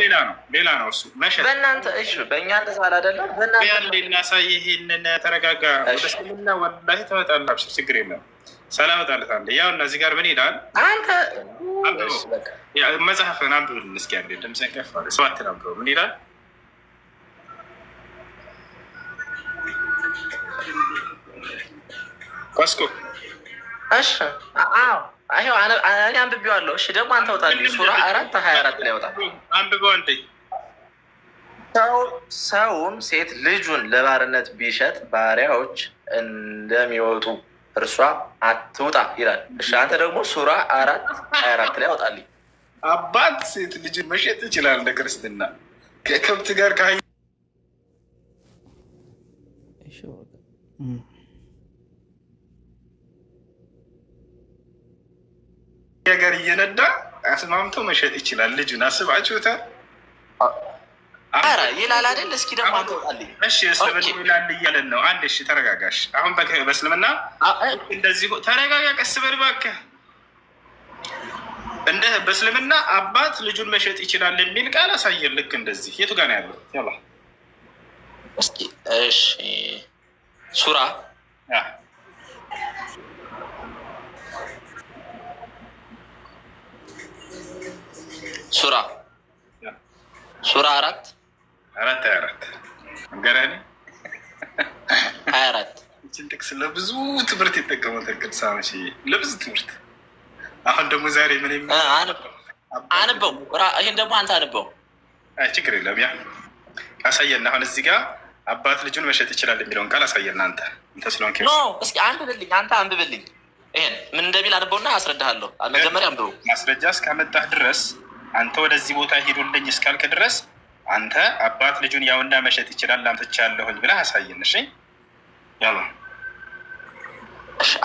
ሌላ ነው ሌላ ነው እሱ መሸጥ በእናንተ እሺ በእኛ እንደዛ አላደለም በእናንተ ልናሳይ ይህንን ተረጋጋ ስምና ወላሂ ተመጣላ አብሽር ችግር የለም ሰላም እመጣልሃለሁ ያው እና እዚህ ጋር ምን ይላል አንተ መጽሐፍን አንብብ እስኪ አንዴ ድምፅህን ከፍ አድርገህ ሰባትን አንብበው ምን ይላል ኮስኮ እሺ አዎ እኔ አንብቤዋለሁ። እሺ ደግሞ አንተ አውጣልኝ። ሱራ አራት ሀያ አራት ላይ ያወጣል። አንብቤው አንዴ ሰውም ሴት ልጁን ለባርነት ቢሸጥ ባሪያዎች እንደሚወጡ እርሷ አትውጣ ይላል። እሺ አንተ ደግሞ ሱራ አራት ሀያ አራት ላይ ያወጣልኝ። አባት ሴት ልጅ መሸጥ ይችላል። እንደ ክርስትና ከከብት ጋር ነገር እየነዳ አስማምቶ መሸጥ ይችላል። ልጁን አስባችሁታል? ኧረ ይላል አይደል? እስኪ ደግሞ አንተጣልኝ እሺ። እስልምና ይላል እያለን ነው። አንድ እሺ፣ ተረጋጋሽ። አሁን በእስልምና እንደዚህ ተረጋጋ፣ ቀስ በል እባክህ። እንደ በእስልምና አባት ልጁን መሸጥ ይችላል የሚል ቃል አሳየን። ልክ እንደዚህ የቱ ጋር ነው ያለው? እስኪ እሺ፣ ሱራ ሱራ ሱራ አራት አራት ሀያ አራት ገራኒ ሀያ አራት እችን ጥቅስ ለብዙ ትምህርት የጠቀመው ተቅሳ ለብዙ ትምህርት አሁን ደግሞ ዛሬ ምን አንበው ይህን ደግሞ አንተ አንበው። ችግር የለም ያ አሳየና፣ አሁን እዚህ ጋር አባት ልጁን መሸጥ ይችላል የሚለውን ቃል አሳየና። አንተ ስለሆን ኖ እስኪ አንብብልኝ፣ አንተ አንብብልኝ። ይሄን ምን እንደሚል አንበውና አስረዳሃለሁ። መጀመሪያ አንብበው። ማስረጃ እስካመጣህ ድረስ አንተ ወደዚህ ቦታ ሂዱልኝ እስካልክ ድረስ አንተ አባት ልጁን ያውና መሸጥ ይችላል አምጥቻለሁኝ ብለህ አሳየን። እሺ ያው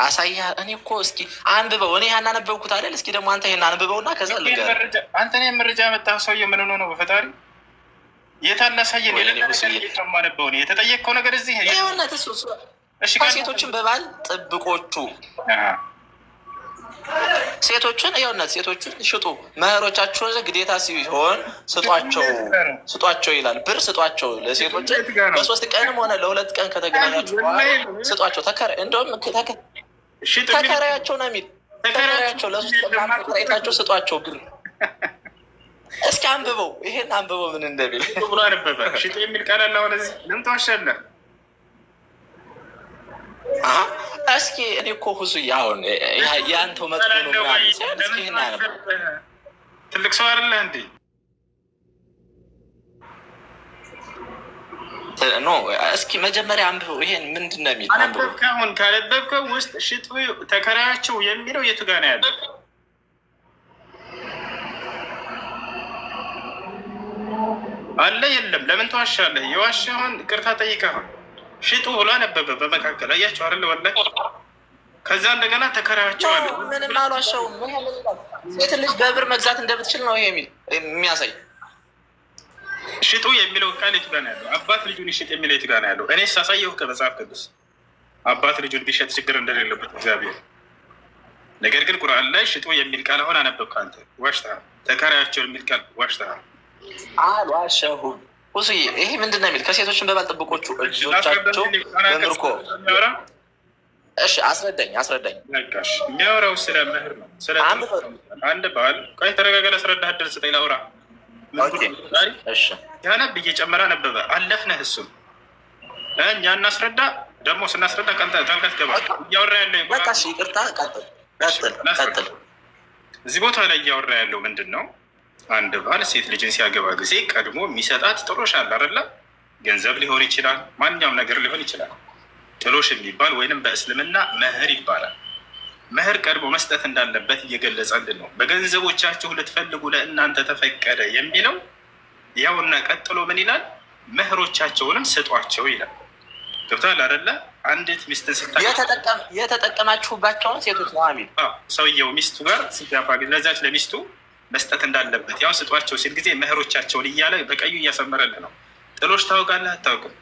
አሳያ እኔ እኮ እስኪ አንብበው፣ እኔ ያን አነበብኩት አይደል? እስኪ ደግሞ አንተ ይህን አንብበው አንብበውና ከዛ አንተ እኔ መረጃ መጣህ። ሰውዬው ምን ሆኖ ነው? በፈጣሪ የታለ አሳየን። የማነበው የተጠየቅከው ነገር እዚህ ሴቶችን በባል ጥብቆቹ ሴቶችን ይኸውነት ሴቶችን ሽጡ መህሮቻችሁን ግዴታ ሲሆን ስጧቸው ስጧቸው ይላል። ብር ስጧቸው ለሴቶች በሶስት ቀንም ሆነ ለሁለት ቀን ከተገናኛችሁ ስጧቸው። ተከረ እንደውም ተከራያቸው ነው የሚል ተከራያቸው ለሱስጣቸው ስጧቸው ብር። እስኪ አንብበው ይሄን አንብበው ምን እንደሚል ብሎ ሽጡ የሚል ቃል አለ ለምን ተዋሻለህ? እስኪ እኔ እኮ ሁዙ አሁን የአንተ መጥ ትልቅ ሰው አለ እንዴ? ኖ እስኪ መጀመሪያ አንብ ይሄን ምንድን ነው የሚል አነበብከውን? ካነበብከው ውስጥ ሽጡ ተከራያቸው የሚለው የቱ ጋር ነው ያለው? አለ የለም። ለምን ተዋሻለህ? የዋሻህን ቅርታ ጠይቀሃል። ሽጡ ብሎ አነበበ። በመካከል አያቸው አለ ወላ ከዛ እንደገና ተከራያቸው አለ። ምንም አሏቸውም። ሴት ልጅ በብር መግዛት እንደምትችል ነው ይሄ የሚያሳይ። ሽጡ የሚለው ቃል የት ጋር ነው ያለው? አባት ልጁን ይሽጥ የሚለው የት ጋር ነው ያለው? እኔ ሳሳየሁ ከመጽሐፍ ቅዱስ አባት ልጁን ቢሸጥ ችግር እንደሌለበት እግዚአብሔር። ነገር ግን ቁርአን ላይ ሽጡ የሚል ቃል አሁን አነበብክ አንተ። ዋሽተሃል። ተከራያቸው የሚል ቃል ዋሽተሃል። አልዋሸሁም ሁሱዬ ይሄ ምንድን ነው የሚል ከሴቶችን በባልጠበቆቹ እጆቻቸው በምርኮ እሺ፣ አስረዳኝ አስረዳኝ። የሚያወራው ስለ መህር ነው። ስለ አንድ ባል ቆይ፣ ተረጋጋ፣ ላስረዳህ እድል ስጠኝ፣ ላውራ። ያነብ እየጨመረ አነበበ፣ አለፍነህ። እሱም እኛ እናስረዳ፣ ደግሞ ስናስረዳ ጣልቃ ትገባለህ። እያወራ ያለው ይቅርታ፣ ቀጥል ቀጥል። እዚህ ቦታ ላይ እያወራ ያለው ምንድን ነው? አንድ ባል ሴት ልጅን ሲያገባ ጊዜ ቀድሞ የሚሰጣት ጥሎሽ አለ አይደለ? ገንዘብ ሊሆን ይችላል፣ ማንኛውም ነገር ሊሆን ይችላል። ጥሎሽ የሚባል ወይንም በእስልምና መህር ይባላል። መህር ቀድሞ መስጠት እንዳለበት እየገለጸልን ነው። በገንዘቦቻችሁ ልትፈልጉ ለእናንተ ተፈቀደ የሚለው ያውና፣ ቀጥሎ ምን ይላል? መህሮቻቸውንም ስጧቸው ይላል። ገብቷል አይደለ? አንዲት ሚስትን የተጠቀማችሁባቸውን ሴቶች ነው አሚን ሰውየው ሚስቱ ጋር ሲጋባ ለዛች ለሚስቱ መስጠት እንዳለበት ያው ስጧቸው ሲል ጊዜ መህሮቻቸውን እያለ በቀዩ እያሰመረልህ ነው። ጥሎች ታውቃለህ አታውቅም?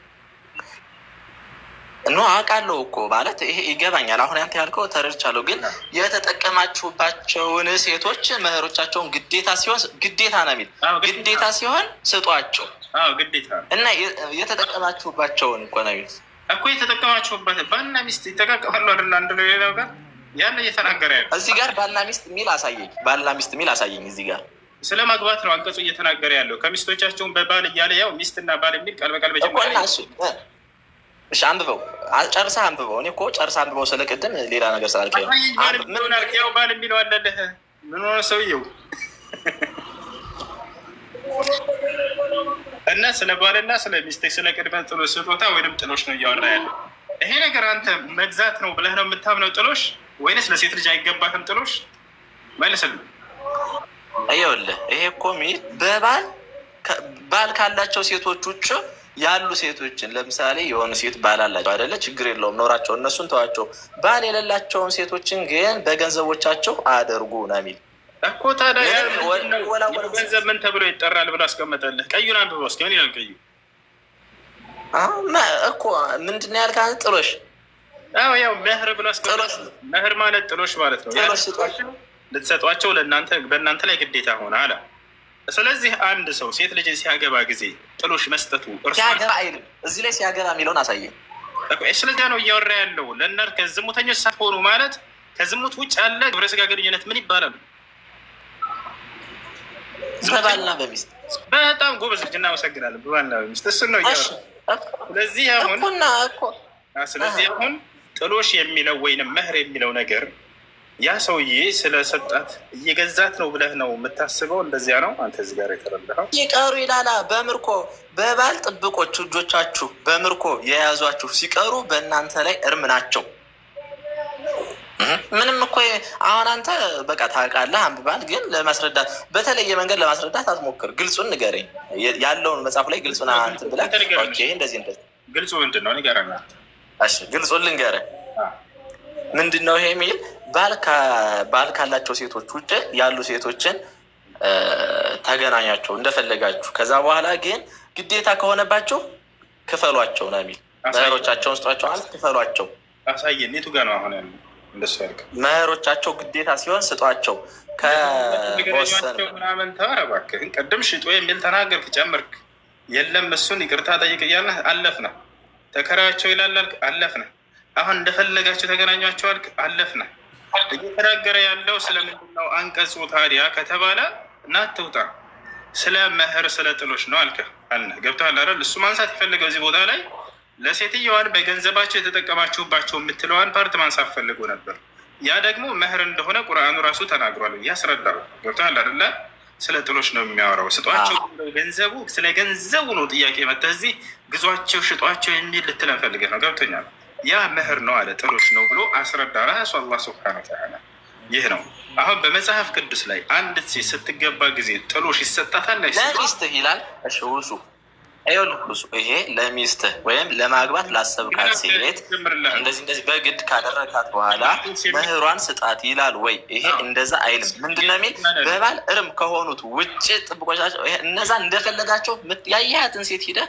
ኖ አውቃለሁ እኮ ማለት ይሄ ይገባኛል። አሁን ያንተ ያልከው ተረድቻለሁ። ግን የተጠቀማችሁባቸውን ሴቶች መህሮቻቸውን ግዴታ ሲሆን ግዴታ ነው የሚል ግዴታ ሲሆን ስጧቸው ግዴታ እና የተጠቀማችሁባቸውን እኮ ነው የሚል እኮ የተጠቀማችሁባት ባልና ሚስት ይጠቃቀማሉ አይደል አንድ ነው ሌላው ጋር ያን እየተናገረ ያለ እዚህ ጋር ባልና ሚስት የሚል አሳየኝ። ባልና ሚስት የሚል አሳየኝ። እዚህ ጋር ስለ ማግባት ነው አንቀጹ እየተናገረ ያለው ከሚስቶቻቸውን በባል እያለ ያው ሚስትና ባል የሚል ቃል በቃል እሺ፣ አንብበው ጨርሰህ አንብበው። እኔ እኮ ጨርሰህ አንብበው ስለቅድም ሌላ ነገር ስላልከኝ ያው ባል የሚለው አለልህ። ምን ሆነ ሰውየው እና ስለ ባልና ስለ ሚስት ስለ ቅድመ ጥሎ ስጦታ ወይም ጥሎሽ ነው እያወራ ያለው። ይሄ ነገር አንተ መግዛት ነው ብለህ ነው የምታምነው ጥሎሽ ወይንስ ለሴት ልጅ አይገባትም ጥሎሽ መልስል ይኸውልህ ይሄ እኮ በባል ባል ካላቸው ሴቶች ውጭ ያሉ ሴቶችን ለምሳሌ የሆኑ ሴት ባል አላቸው አይደለ? ችግር የለውም ኖራቸው፣ እነሱን ተዋቸው። ባል የሌላቸውን ሴቶችን ግን በገንዘቦቻቸው አደርጉ ነው የሚል እኮ። ታዲያ ገንዘብ ምን ተብሎ ይጠራል ብሎ አስቀመጠልህ? ቀዩን አንብበው እስኪ ምን ይላል ቀዩ እኮ ምንድን ነው ያልከ ጥሎሽ አዎ ያው መህር ብሎ መህር ማለት ጥሎሽ ማለት ነው። ልትሰጧቸው ለእናንተ በእናንተ ላይ ግዴታ ሆነ አለ። ስለዚህ አንድ ሰው ሴት ልጅ ሲያገባ ጊዜ ጥሎሽ መስጠቱ ሲያገባ አይልም። እዚህ ላይ ሲያገባ የሚለውን አሳየ። ስለዚያ ነው እያወራ ያለው ለእናር ከዝሙተኞች ሳትሆኑ ማለት ከዝሙት ውጭ ያለ ግብረ ስጋ ግንኙነት ምን ይባላል? በባልና በሚስት በጣም ጎበዝ ልጅ እናመሰግናለን። በባልና በሚስት እሱን ነው እያወራ ስለዚህ አሁን ስለዚህ አሁን ጥሎሽ የሚለው ወይንም መህር የሚለው ነገር ያ ሰውዬ ስለሰጣት እየገዛት ነው ብለህ ነው የምታስበው? እንደዚያ ነው አንተ እዚህ ጋር የተረዳኸው። ሲቀሩ ይላላ በምርኮ በባል ጥብቆች እጆቻችሁ በምርኮ የያዟችሁ ሲቀሩ በእናንተ ላይ እርም ናቸው። ምንም እኮ አሁን አንተ በቃ ታውቃለህ፣ አንብባል። ግን ለማስረዳት በተለየ መንገድ ለማስረዳት አትሞክር። ግልጹን ንገረኝ ያለውን መጽሐፍ ላይ ግልጹን አንትን ብላ እንደዚህ እንደዚህ ግልጹ ምንድን ነው ንገረና እሺ ግልጹ ገረ ምንድን ነው ይሄ የሚል ባል ካላቸው ሴቶች ውጭ ያሉ ሴቶችን ተገናኛቸው እንደፈለጋችሁ። ከዛ በኋላ ግን ግዴታ ከሆነባቸው ክፈሏቸው ነው የሚል መህሮቻቸውን ስጧቸው አለ ክፈሏቸው። አሳየን፣ የቱ ጋር ነው አሁን ያሉ እንደሱ ያልከው? መህሮቻቸው ግዴታ ሲሆን ስጧቸው ከወሰን ምናምን ተረ ቅድም ሽጦ የሚል ተናገርክ ጨምርክ። የለም እሱን ይቅርታ ጠይቅ እያለ አለፍ ነው ተከራያቸው ይላል አልክ፣ አለፍነ። አሁን እንደፈለጋቸው ተገናኟቸው አልክ፣ አለፍነ። እየተናገረ ያለው ስለምንድነው? ነው? አንቀጹ ታዲያ ከተባለ እና ትውጣ ስለ መህር ስለ ጥሎች ነው አልክ አለ። ገብቶሃል አይደል? እሱ ማንሳት የፈለገው እዚህ ቦታ ላይ ለሴትየዋን በገንዘባቸው የተጠቀማችሁባቸው የምትለዋን ፓርት ማንሳት ፈልጎ ነበር። ያ ደግሞ መህር እንደሆነ ቁርአኑ ራሱ ተናግሯል። ያስረዳሉ። ገብቶሃል አይደለ? ስለ ጥሎች ነው የሚያወራው። ስጧቸው ገንዘቡ ስለ ገንዘቡ ነው ጥያቄ መጣ። እዚህ ግዟቸው፣ ሽጧቸው የሚል ልትለን ፈልገህ ነው። ገብቶኛል። ያ ምህር ነው አለ ጥሎች ነው ብሎ አስረዳ ራሱ አላህ ስብሐነ ወተዓላ። ይህ ነው አሁን በመጽሐፍ ቅዱስ ላይ አንድ ሴት ስትገባ ጊዜ ጥሎሽ ይሰጣታል ላይ ይላል እሱ ይኸውልህ ይሄ ለሚስትህ ወይም ለማግባት ላሰብካት ሴት እንደዚህ እንደዚህ በግድ ካደረካት በኋላ መህሯን ስጣት ይላል ወይ? ይሄ እንደዛ አይልም። ምንድን ነው የሚል በባል እርም ከሆኑት ውጭ ጥብቆቻቸው እነዛ እንደፈለጋቸው ያያትን ሴት ሂደ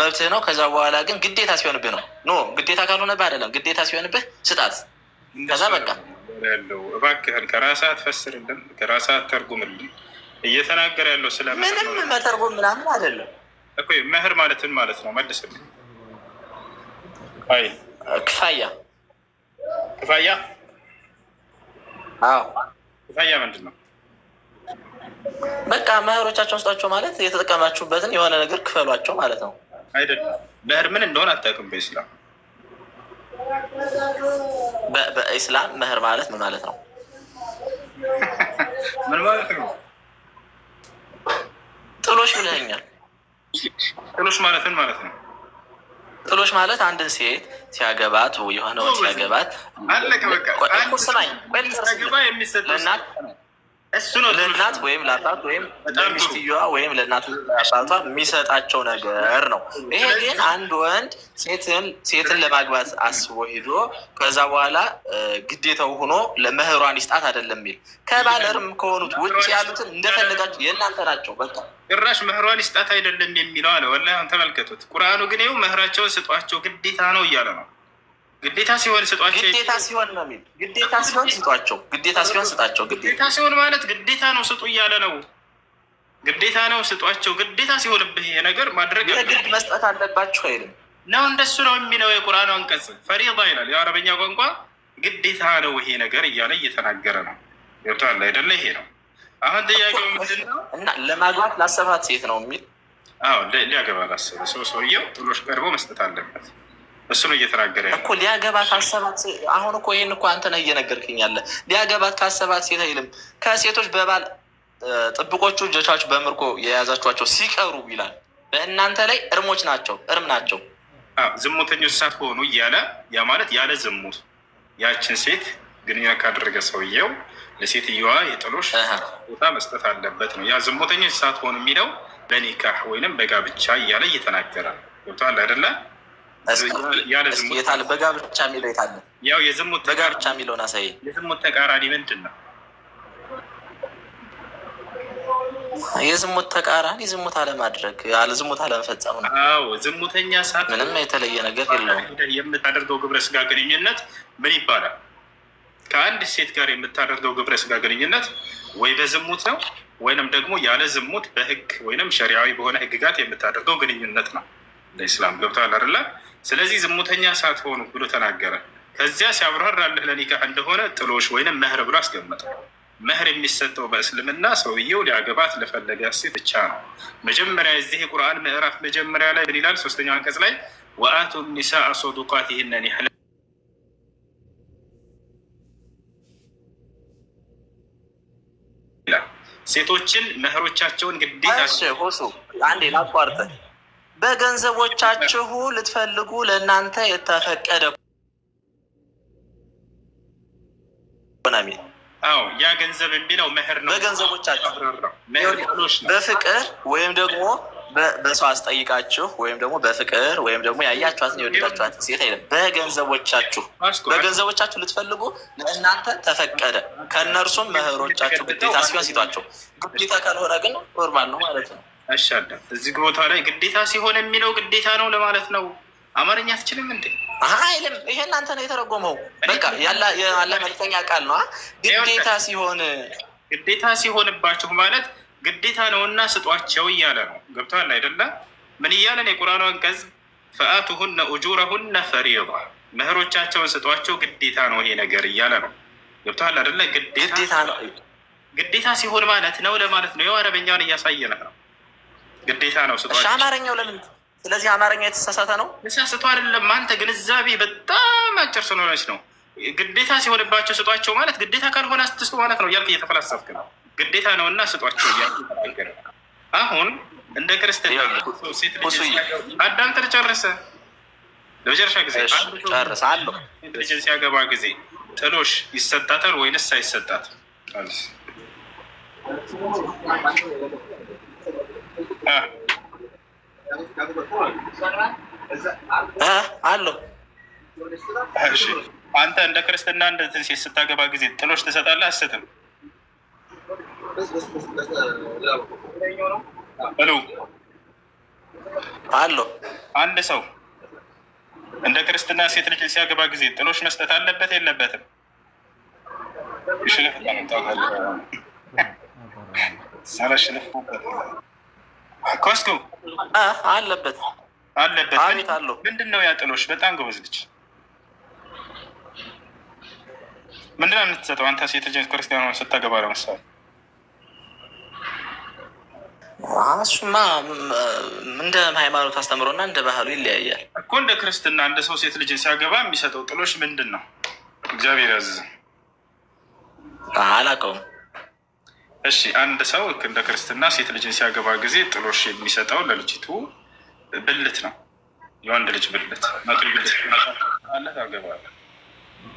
መብትህ ነው። ከዛ በኋላ ግን ግዴታ ሲሆንብህ ነው። ኖ ግዴታ ካልሆነብህ አይደለም፣ ግዴታ ሲሆንብህ ስጣት። ከዛ በቃ ያለው እባክህን ከራስህ አትፈስርልን፣ ከራስህ አትተርጉምልን። እየተናገረ ያለው ስለምንም መተርጎም ምናምን አይደለም። እኮ መህር ማለትን ማለት ነው። መልስል አይ ክፋያ ክፋያ አዎ ክፋያ ምንድን ነው? በቃ መህሮቻቸውን ስጧቸው ማለት የተጠቀማችሁበትን የሆነ ነገር ክፈሏቸው ማለት ነው። አይደለም መህር ምን እንደሆነ አታውቅም። በኢስላም በኢስላም መህር ማለት ምን ማለት ነው? ምን ማለት ነው? ጥሎሽ ብለኸኛል ጥሎሽ ማለትን ማለት ነው። ጥሎሽ ማለት አንድን ሴት ሲያገባት የሆነውን ሲያገባት አለቀ በቃ ሲያገባ የሚሰጠው እሱ ነው ለእናት ወይም ለአባት ወይም ለሚስትየዋ ወይም ለእናቱ አባቷ የሚሰጣቸው ነገር ነው። ይሄ ግን አንድ ወንድ ሴትን ሴትን ለማግባት አስቦ ሄዶ ከዛ በኋላ ግዴታው ሆኖ ለመህሯን ይስጣት አይደለም የሚል ከባለርም ከሆኑት ውጭ ያሉትን እንደፈለጋቸው የእናንተ ናቸው። በቃ ጭራሽ መህሯን ይስጣት አይደለም የሚለው አለ። ወላሂ ተመልከቱት። ቁርአኑ ግን ይኸው መህራቸውን ስጧቸው ግዴታ ነው እያለ ነው ግዴታ ሲሆን ስጧቸው። ግዴታ ሲሆን ነው የሚል ግዴታ ሲሆን ስጧቸው። ግዴታ ሲሆን ስጣቸው። ግዴታ ሲሆን ማለት ግዴታ ነው ስጡ እያለ ነው። ግዴታ ነው ስጧቸው። ግዴታ ሲሆንብህ ይሄ ነገር ማድረግ ግድ መስጠት አለባችሁ አይልም ነው። እንደሱ ነው የሚለው የቁርአን አንቀጽ ፈሪዳ ይላል። የአረበኛ ቋንቋ ግዴታ ነው ይሄ ነገር እያለ እየተናገረ ነው። ይወታል አይደለ? ይሄ ነው አሁን ጥያቄው ምንድን ነው? እና ለማግባት ላሰባት ሴት ነው የሚል ሊያገባ ላሰበ ሰው ሰውየው ጥሎሽ ቀርቦ መስጠት አለበት። እሱ ነው እየተናገረ እኮ ሊያገባት አሰባት። አሁን እኮ ይህን እኮ አንተ ነህ እየነገርክኝ ያለ ሊያገባት ካሰባት ሴት አይልም። ከሴቶች በባል ጥብቆቹ እጆቻችሁ በምርኮ የያዛችኋቸው ሲቀሩ ይላል። በእናንተ ላይ እርሞች ናቸው እርም ናቸው ዝሙተኞች ሆኑ እያለ ያ ማለት ያለ ዝሙት ያችን ሴት ግንኙነት ካደረገ ሰውየው ለሴትየዋ የጥሎሽ ቦታ መስጠት አለበት ነው። ያ ዝሙተኞች ሆኑ የሚለው በኒካህ ወይንም በጋብቻ እያለ እየተናገረ አለ አይደለ? የታለ በጋብቻ የሚለው የታለ? ያው የዝሙት በጋብቻ የሚለውን አሳይ። የዝሙት ተቃራኒ ምንድን ነው? የዝሙት ተቃራኒ ዝሙት አለማድረግ፣ ዝሙት አለመፈጸም ነው። አዎ ዝሙተኛ ሳት ምንም የተለየ ነገር የለውም። የምታደርገው ግብረ ስጋ ግንኙነት ምን ይባላል? ከአንድ ሴት ጋር የምታደርገው ግብረ ስጋ ግንኙነት ወይ በዝሙት ነው ወይንም ደግሞ ያለ ዝሙት በህግ ወይንም ሸሪያዊ በሆነ ህግጋት የምታደርገው ግንኙነት ነው። ለኢስላም ገብተዋል አይደለ? ስለዚህ ዝሙተኛ ሳትሆኑ ብሎ ተናገረ። ከዚያ ሲያብራራልህ ለኒካህ እንደሆነ ጥሎሽ ወይንም መህር ብሎ አስገመጠ። መህር የሚሰጠው በእስልምና ሰውየው ሊያገባት ለፈለገ ሴት ብቻ ነው። መጀመሪያ የዚህ የቁርአን ምዕራፍ መጀመሪያ ላይ ምን ይላል? ሶስተኛው አንቀጽ ላይ ወአቱ ኒሳ ሶዱቃቲህነ ኒህለ ሴቶችን መህሮቻቸውን ግዴታ አንዴ ላቋርጠ በገንዘቦቻችሁ ልትፈልጉ ለእናንተ የተፈቀደ ያ ገንዘብ የሚለው መህር ነው። በገንዘቦቻችሁ በፍቅር ወይም ደግሞ በሰው አስጠይቃችሁ ወይም ደግሞ በፍቅር ወይም ደግሞ ያያችኋትን የወደዳችኋትን ሴት አይደለም። በገንዘቦቻችሁ በገንዘቦቻችሁ ልትፈልጉ ለእናንተ ተፈቀደ፣ ከእነርሱም መህሮቻችሁ ግዴታ ሲሆን ሲቷቸው ግዴታ ካልሆነ ግን ኖርማል ነው ማለት ነው። አሻዳ እዚህ ቦታ ላይ ግዴታ ሲሆን የሚለው ግዴታ ነው ለማለት ነው። አማርኛ አትችልም እንዴ? አይልም። ይሄን አንተ ነው የተረጎመው። በቃ ያለ መልክተኛ ቃል ነው። ግዴታ ሲሆን ግዴታ ሲሆንባችሁ ማለት ግዴታ ነውና ስጧቸው እያለ ነው። ገብቷል አይደለ? ምን እያለ ነው የቁርአኑ አንቀጽ? ፈአቱሁነ ኡጁረሁነ ፈሪዳ፣ መህሮቻቸውን ስጧቸው ግዴታ ነው ይሄ ነገር እያለ ነው። ገብቷል አይደለ? ግዴታ ግዴታ ሲሆን ማለት ነው ለማለት ነው። የው አረበኛውን እያሳየን ነው ግዴታ ነው። ስጧቸው። አማርኛው ለምን? ስለዚህ አማርኛ የተሳሳተ ነው። ስቶ አይደለም አንተ ግንዛቤ በጣም አጭር ስለሆነች ነው። ግዴታ ሲሆንባቸው ስጧቸው ማለት ግዴታ ካልሆነ አትስጡ ማለት ነው እያልክ እየተፈላሰፍክ ነው። ግዴታ ነው እና ስጧቸው እያልክ አሁን እንደ ክርስትና ሴት ልጅ ለመጨረሻ ጊዜ ሴት ልጅን ሲያገባ ጊዜ ጥሎሽ ይሰጣታል ወይንስ አይሰጣትም? አለው። አንተ እንደ ክርስትና እንደትን ሴት ስታገባ ጊዜ ጥሎች ትሰጣለህ? አስትም ሎ አለው። አንድ ሰው እንደ ክርስትና ሴት ልጅ ሲያገባ ጊዜ ጥሎች መስጠት አለበት የለበትም? ሽልፍ ታመጣለ ሰራ ሽለፍ ኮስኩ አለበት አለበት ምንድን ነው ያጥሎሽ? በጣም ጎበዝ ልጅ። ምንድን ነው የምትሰጠው አንተ ሴተጀን ክርስቲያን ስታገባ ለምሳሌ እሱማ እንደ ሃይማኖት አስተምሮና እንደ ባህሉ ይለያያል እኮ። እንደ ክርስትና እንደ ሰው ሴት ልጅን ሲያገባ የሚሰጠው ጥሎሽ ምንድን ነው? እግዚአብሔር ያዝዝም አላውቀውም። እሺ አንድ ሰው እንደ ክርስትና ሴት ልጅን ሲያገባ ጊዜ ጥሎሽ የሚሰጠው ለልጅቱ ብልት ነው። የወንድ ልጅ ብልት መቶ ታገባለ።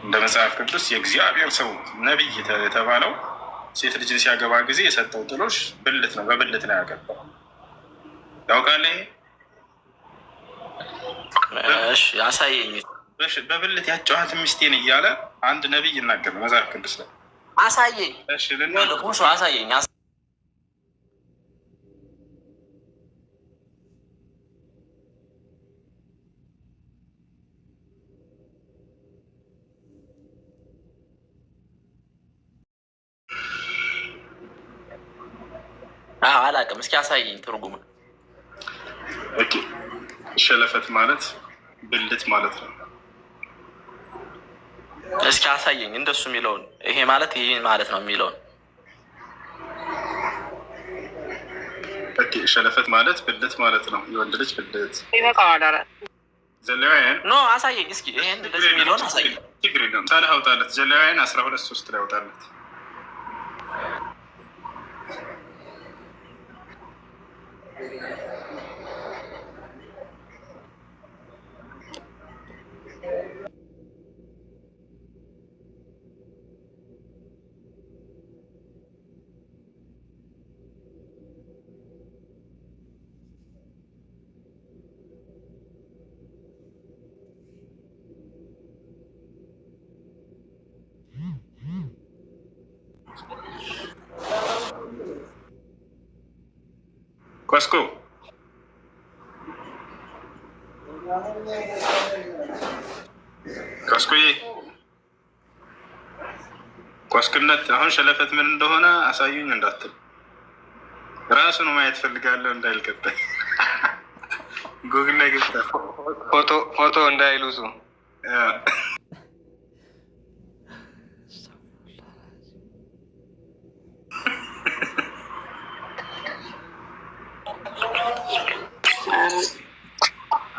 እንደ መጽሐፍ ቅዱስ የእግዚአብሔር ሰው ነቢይ የተባለው ሴት ልጅን ሲያገባ ጊዜ የሰጠው ጥሎሽ ብልት ነው። በብልት ነው ያገባው። ያውቃል። አሳየኝ። በብልት ያጨዋት ሚስቴን እያለ አንድ ነቢይ ይናገር መጽሐፍ ቅዱስ ላይ አሳየኝ። ልቁሱ አሳየኝ። አላውቅም። እስኪ አሳየኝ ትርጉም። ሸለፈት ማለት ብልት ማለት ነው። እስኪ አሳየኝ እንደሱ የሚለውን ይሄ ማለት ይህ ማለት ነው የሚለውን ሸለፈት ማለት ብልት ማለት ነው። የወንድ ልጅ ብልት ዘሌዋውያን ኖ አሳየኝ እስኪ ይሄን እንደዚህ የሚለውን አሳየኝ። ችግር የለውም ታዲያ አውጣለት። ዘሌዋውያን አስራ ሁለት ሶስት ላይ አውጣለት። Vasco. ኳስኩዬ ኳስክነት አሁን ሸለፈት ምን እንደሆነ አሳዩኝ እንዳትል ራሱ ማየት ፈልጋለሁ እንዳይልቀጠል ጉግል ላይ ገብተህ ፎቶ እንዳይሉሱ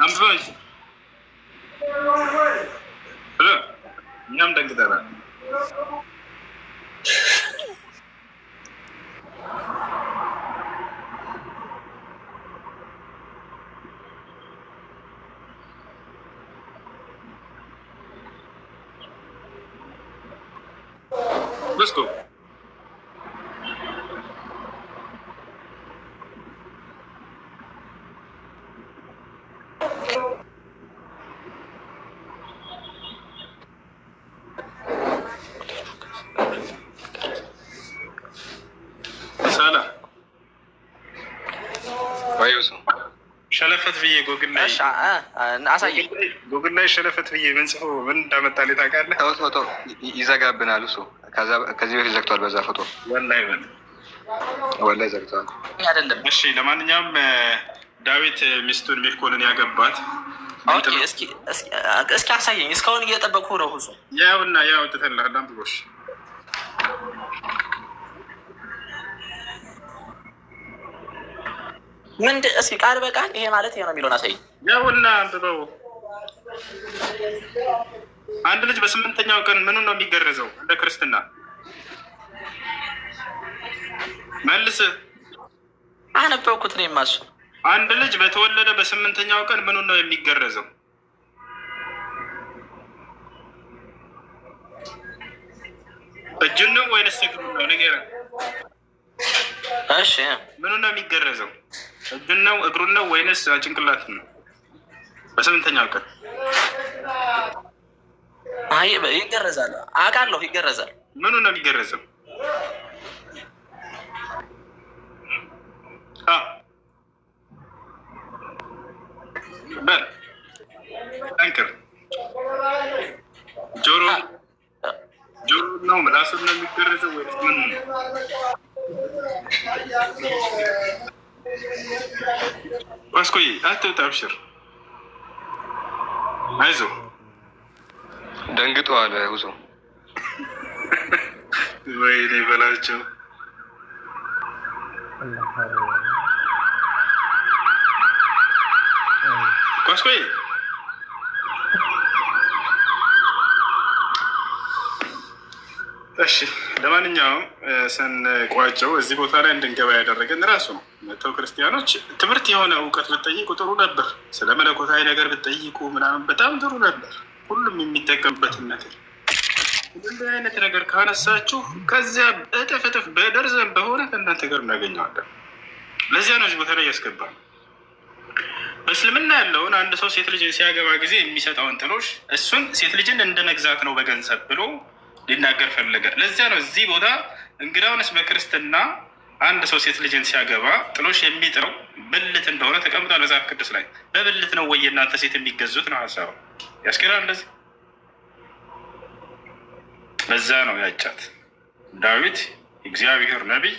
አምሮይ ብሎ እኛም ደንግጠናል። Let's go. ሸለፈት ብዬ ጎግል ላይ ጎግል ላይ ሸለፈት ብዬ ምን ጽፎ ምን እንዳመጣልኝ ታውቃለህ? ፎቶ ይዘጋብናል እሱ ከዚህ በፊት ዘግቷል። በዛ ፎቶ ወላሂ ወላሂ ዘግቷል። አይደለም። እሺ፣ ለማንኛውም ዳዊት ሚስቱን ሚልኮልን ያገባት እስኪ አሳየኝ። እስካሁን እየጠበኩህ ነው። ሁሱ ያውና ያው ትተላ ላምብሮሽ ምንድ እስኪ ቃል በቃል ይሄ ማለት ይሄ ነው የሚለውን አሳይ። ያውና አንብበው። አንድ ልጅ በስምንተኛው ቀን ምኑ ነው የሚገረዘው? እንደ ክርስትና መልስ። አነበብኩት ነው የማሱ። አንድ ልጅ በተወለደ በስምንተኛው ቀን ምኑ ነው የሚገረዘው? እጁን ወይንስ እግሩን ነው? ንገረን። እሺ ምኑ ነው የሚገረዘው? እጁን ነው እግሩን ነው ወይንስ ጭንቅላት ነው? በስምንተኛው ቀን ይገረዛል። አውቃለሁ፣ ይገረዛል። ምኑ ነው የሚገረዘው? ጠንክር ጆሮ ጆሮ ነው ምላሱን ነው የሚገረዘው ወይስ ምኑ ነው? አስቆይ አትውጣ፣ አብሽር፣ አይዞ። ደንግጦ አለ ውዞ። ወይኔ በላቸው። አስቆይ እሺ ለማንኛውም ስንቋጨው እዚህ ቦታ ላይ እንድንገባ ያደረገን ራሱ ነው። መተው ክርስቲያኖች ትምህርት የሆነ እውቀት ብጠይቁ ጥሩ ነበር። ስለ መለኮታዊ ነገር ብጠይቁ ምናምን በጣም ጥሩ ነበር። ሁሉም የሚጠቀምበትን ነገር እንደዚህ አይነት ነገር ካነሳችሁ ከዚያ እጥፍ እጥፍ በደርዘን በሆነ ከእናንተ ጋር እናገኘዋለን። ለዚያ ነው በተለይ ያስገባል። በእስልምና ያለውን አንድ ሰው ሴት ልጅን ሲያገባ ጊዜ የሚሰጠውን ጥሎሽ እሱን ሴት ልጅን እንደ መግዛት ነው በገንዘብ ብሎ ሊናገር ፈለገ። ለዚያ ነው እዚህ ቦታ እንግዳውንስ በክርስትና አንድ ሰው ሴት ልጅን ሲያገባ ጥሎሽ የሚጥረው ብልት እንደሆነ ተቀምጧል መጽሐፍ ቅዱስ ላይ። በብልት ነው ወይ እናንተ ሴት የሚገዙት ነው ሀሳቡ። ያስኬዳል እንደዚህ። በዛ ነው ያጫት ዳዊት እግዚአብሔር ነቢይ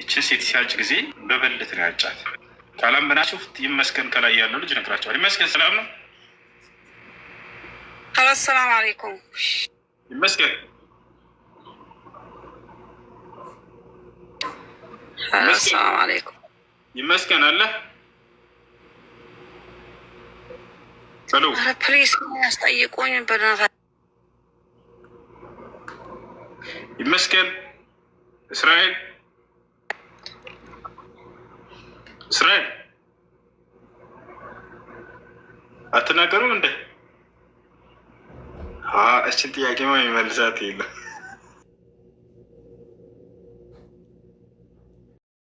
ይችን ሴት ሲያጭ ጊዜ በብልት ነው ያጫት። ካላም ብናችሁ ይመስገን ከላይ ያለው ልጅ ነግራቸዋል። ይመስገን ሰላም ነው። ሰላም አለይኩም ይመስገን አሰላሙ አለይኩም። ይመስገን አለ ሎ ፕሊስ ያስጠይቁኝ በደህና ይመስገን። እስራኤል እስራኤል አትናገሩም እንደ እችን ጥያቄ ማ ይመልሳት የለም